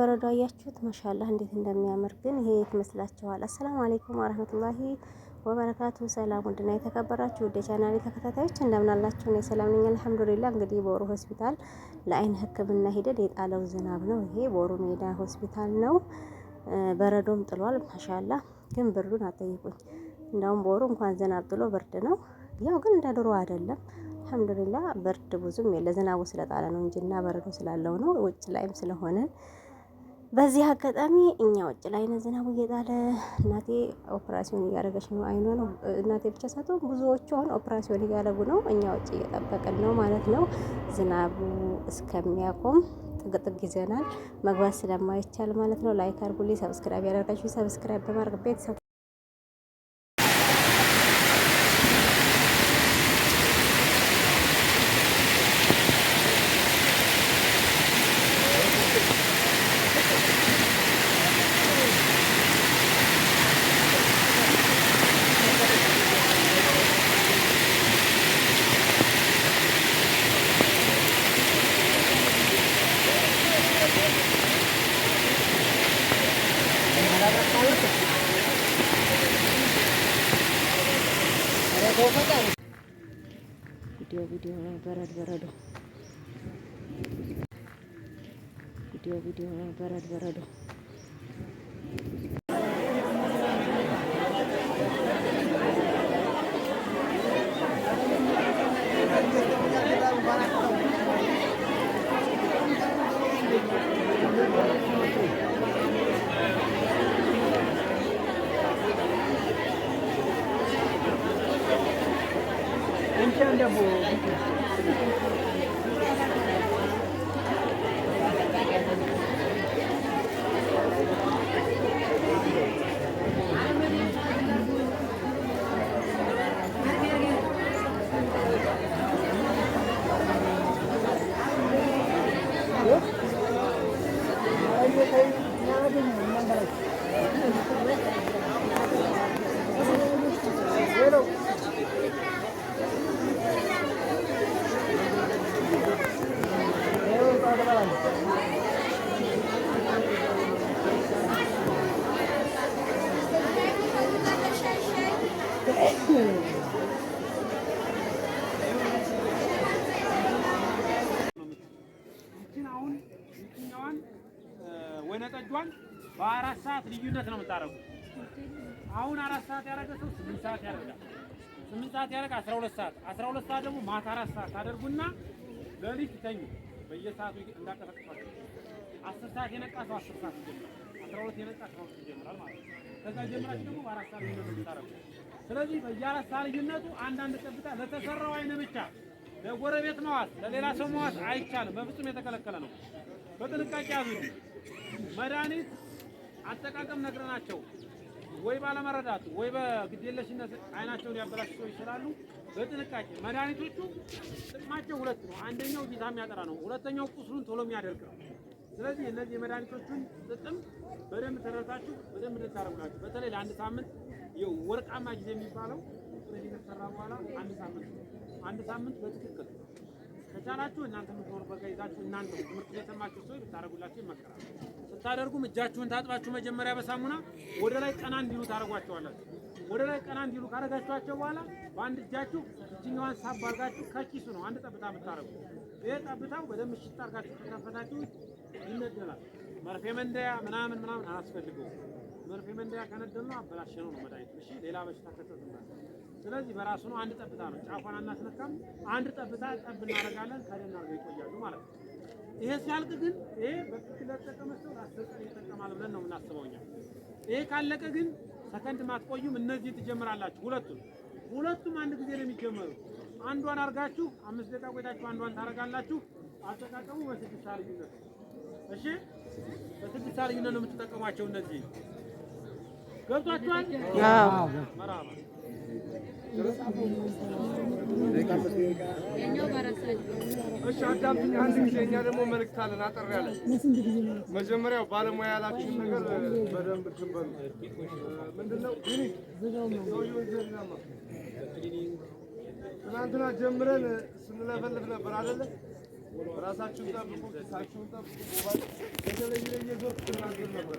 በረዶ አያችሁት? ማሻላ እንዴት እንደሚያምር ግን ይሄ የት ይመስላችኋል? አሰላሙ አለይኩም ወራህመቱላሂ ወበረካቱ። ሰላም ውድና የተከበራችሁ ወደ የቻናሌ ተከታታዮች እንደምን አላችሁ? እኔ ሰላም ነኝ አልሐምዱሊላህ። እንግዲህ ቦሩ ሆስፒታል ለአይን ህክምና ሂደን የጣለው ዝናብ ነው። ይሄ ቦሩ ሜዳ ሆስፒታል ነው። በረዶም ጥሏል ማሻላ ግን ብርዱን አጠይቁኝ። እንዳውም ቦሩ እንኳን ዝናብ ጥሎ ብርድ ነው። ያው ግን እንደ ድሮ አይደለም። አልሐምዱሊላህ ብርድ ብዙም የለ ዝናቡ ስለጣለ ነው እንጂ እና በረዶ ስላለው ነው። ውጭ ላይም ስለሆነ በዚህ አጋጣሚ እኛ ውጭ ላይ ነው ዝናቡ እየጣለ እናቴ ኦፕራሲዮን እያደረገች ነው። አይኗ ነው እናቴ ብቻ ሳትሆን ብዙዎቹ አሁን ኦፕራሲዮን እያደረጉ ነው። እኛ ውጭ እየጠበቅን ነው ማለት ነው። ዝናቡ እስከሚያቆም ጥቅጥቅ ይዘናል። መግባት ስለማይቻል ማለት ነው። ላይክ አርጉልኝ፣ ሰብስክራይብ ያደርጋችሁ ሰብስክራይብ በማድረግ ቤተሰብ video video ભરત ભરડો video video ભરત ભરડો ちゃんだも በአራት ሰዓት ልዩነት ነው የምታደርጉት። አሁን አራት ሰዓት ያደረገ ሰው ስምንት ሰዓት ያደርጋል። ስምንት ሰዓት ያደረገ አስራ ሁለት ሰዓት አስራ ሁለት ሰዓት ደግሞ ማታ አራት ሰዓት ታደርጉና ለሊት ይተኙ። በየሰዓቱ እንዳቀጠቅጧቸው አስር ሰዓት የነቃ ሰው አስር ሰዓት ይጀምራል። አስራ ሁለት የነቃ ሰው ይጀምራል ማለት ነው። ከዛ ጀምራችሁ ደግሞ በአራት ሰዓት ልዩነት የምታደርጉት። ስለዚህ በየአራት ሰዓት ልዩነቱ አንዳንድ ጠብታ ለተሰራው አይነ ብቻ ለጎረቤት መዋስ ለሌላ ሰው መዋስ አይቻልም። በፍጹም የተከለከለ ነው። በጥንቃቄ ያዙ። መድኃኒት አጠቃቀም ነግረናቸው ወይ ባለመረዳቱ ወይ በግዴለሽነት አይናቸውን ያበላሹ ይችላሉ። በጥንቃቄ መድኃኒቶቹ ጥቅማቸው ሁለት ነው። አንደኛው ጌታ የሚያጠራ ነው። ሁለተኛው ቁስሉን ቶሎ የሚያደርግ ነው። ስለዚህ እነዚህ የመድኃኒቶቹን ጥቅም በደንብ ተረታችሁ በደንብ እንድታረጉላችሁ በተለይ ለአንድ ሳምንት ይኸው ወርቃማ ጊዜ የሚባለው ስለዚህ ከተሰራ በኋላ አንድ ሳምንት አንድ ሳምንት በትክክል ከቻላችሁ እናንተ የምትኖሩበት ጋር ይዛችሁ እናንተ ትምህርት የሰማችሁ ሰው ብታደርጉላችሁ ይመከራል። ስታደርጉም እጃችሁን ታጥባችሁ መጀመሪያ በሳሙና ወደ ላይ ቀና እንዲሉ ታደርጓቸዋላችሁ። ወደ ላይ ቀና እንዲሉ ካደረጋችኋቸው በኋላ በአንድ እጃችሁ እጅኛዋን ሳብ አድርጋችሁ ከኪሱ ነው አንድ ጠብታ የምታደርጉ። ይህ ጠብታው በደንብ ሽጥ አድርጋችሁ ከከፈታችሁ ይነደላል። መርፌ መንደያ ምናምን ምናምን አያስፈልገውም። መርፌ መንደያ ከነደል ነው ነው መድኃኒት። እሺ ሌላ በሽታ ከተት ስለዚህ በራሱ ነው። አንድ ጠብታ ነው፣ ጫፏን አናስነካም። አንድ ጠብታ ጠብ እናደርጋለን፣ ከደና አድርገው ይቆያሉ ማለት ነው። ይሄ ሲያልቅ ግን ይሄ በፊት ለተጠቀመ ሰው አስር ቀን ይጠቀማል ብለን ነው የምናስበው እኛ። ይሄ ካለቀ ግን ሰከንድ ማትቆዩም፣ እነዚህ ትጀምራላችሁ። ሁለቱም ሁለቱም አንድ ጊዜ ነው የሚጀመሩ። አንዷን አድርጋችሁ አምስት ደቂቃ ቆይታችሁ አንዷን ታደርጋላችሁ። አጠቃቀሙ በስድስት ሰዓት ልዩነት እሺ፣ በስድስት ሰዓት ልዩነት ነው የምትጠቀሟቸው። እነዚህ ገብቷችኋል? አዳምጥኝ አንድ ጊዜ። እኛ ደግሞ መልዕክት አለን አጠር ያለ። መጀመሪያው ባለሙያ ያላችሁን ነገር በደንብ እንትን በሉ። ምንድን ነው ትናንትና ጀምረን ስንለፈልፍ ነበር አይደለ? ራሳችሁን ጠብቁ፣ ኪሳችሁን ጠብቁ። የተለየ ዞር ትናገር ነበር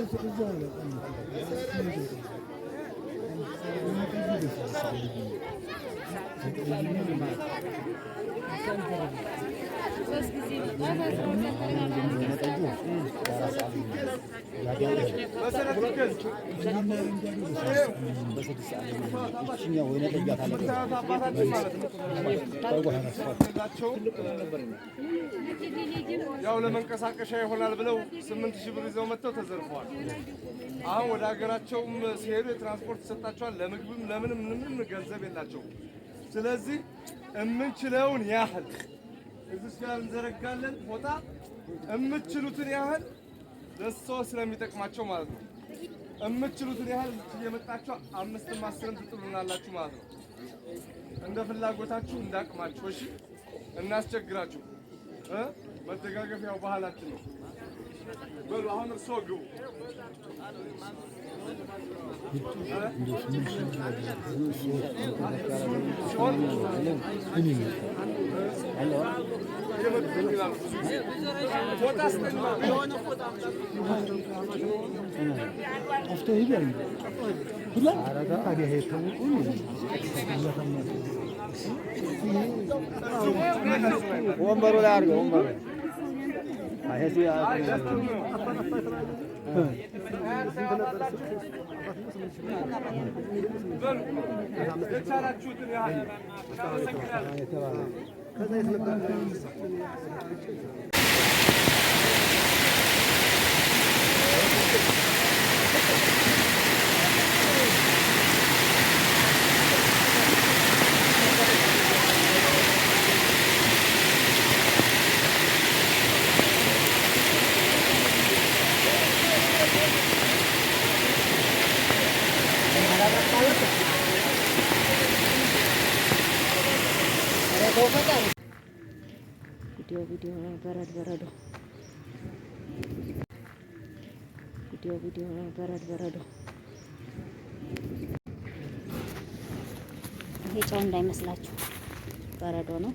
ወይነ ጠጅ አታለቀ ያው ለመንቀሳቀሻ ይሆናል ብለው ስምንት ሺህ ብር ይዘው መጥተው ተዘርፈዋል። አሁን ወደ ሀገራቸውም ሲሄዱ የትራንስፖርት ይሰጣቸዋል። ለምግብም ለምንም ምንም ገንዘብ የላቸውም። ስለዚህ የምንችለውን ያህል እዚህ ጋር እንዘረጋለን ቦታ የምችሉትን ያህል ለሰው ስለሚጠቅማቸው ማለት ነው። የምችሉትን ያህል እየመጣችሁ አምስትም አስርም ትጥሉናላችሁ ማለት ነው። እንደ ፍላጎታችሁ እንዳቅማችሁ እሺ፣ እናስቸግራችሁ መደጋገፊያው ባህላችን ነው። በሉ አሁን እርስዎ ግቡ። ፎጣ ወንበሩ ላይ አድርገው ወንበሩ ላይ ቪዲዮ ቪዲዮ በረድ በረዶ ቪዲዮ ቪዲዮ በረድ በረዶ። ይሄ ጨው እንዳይመስላችሁ በረዶ ነው።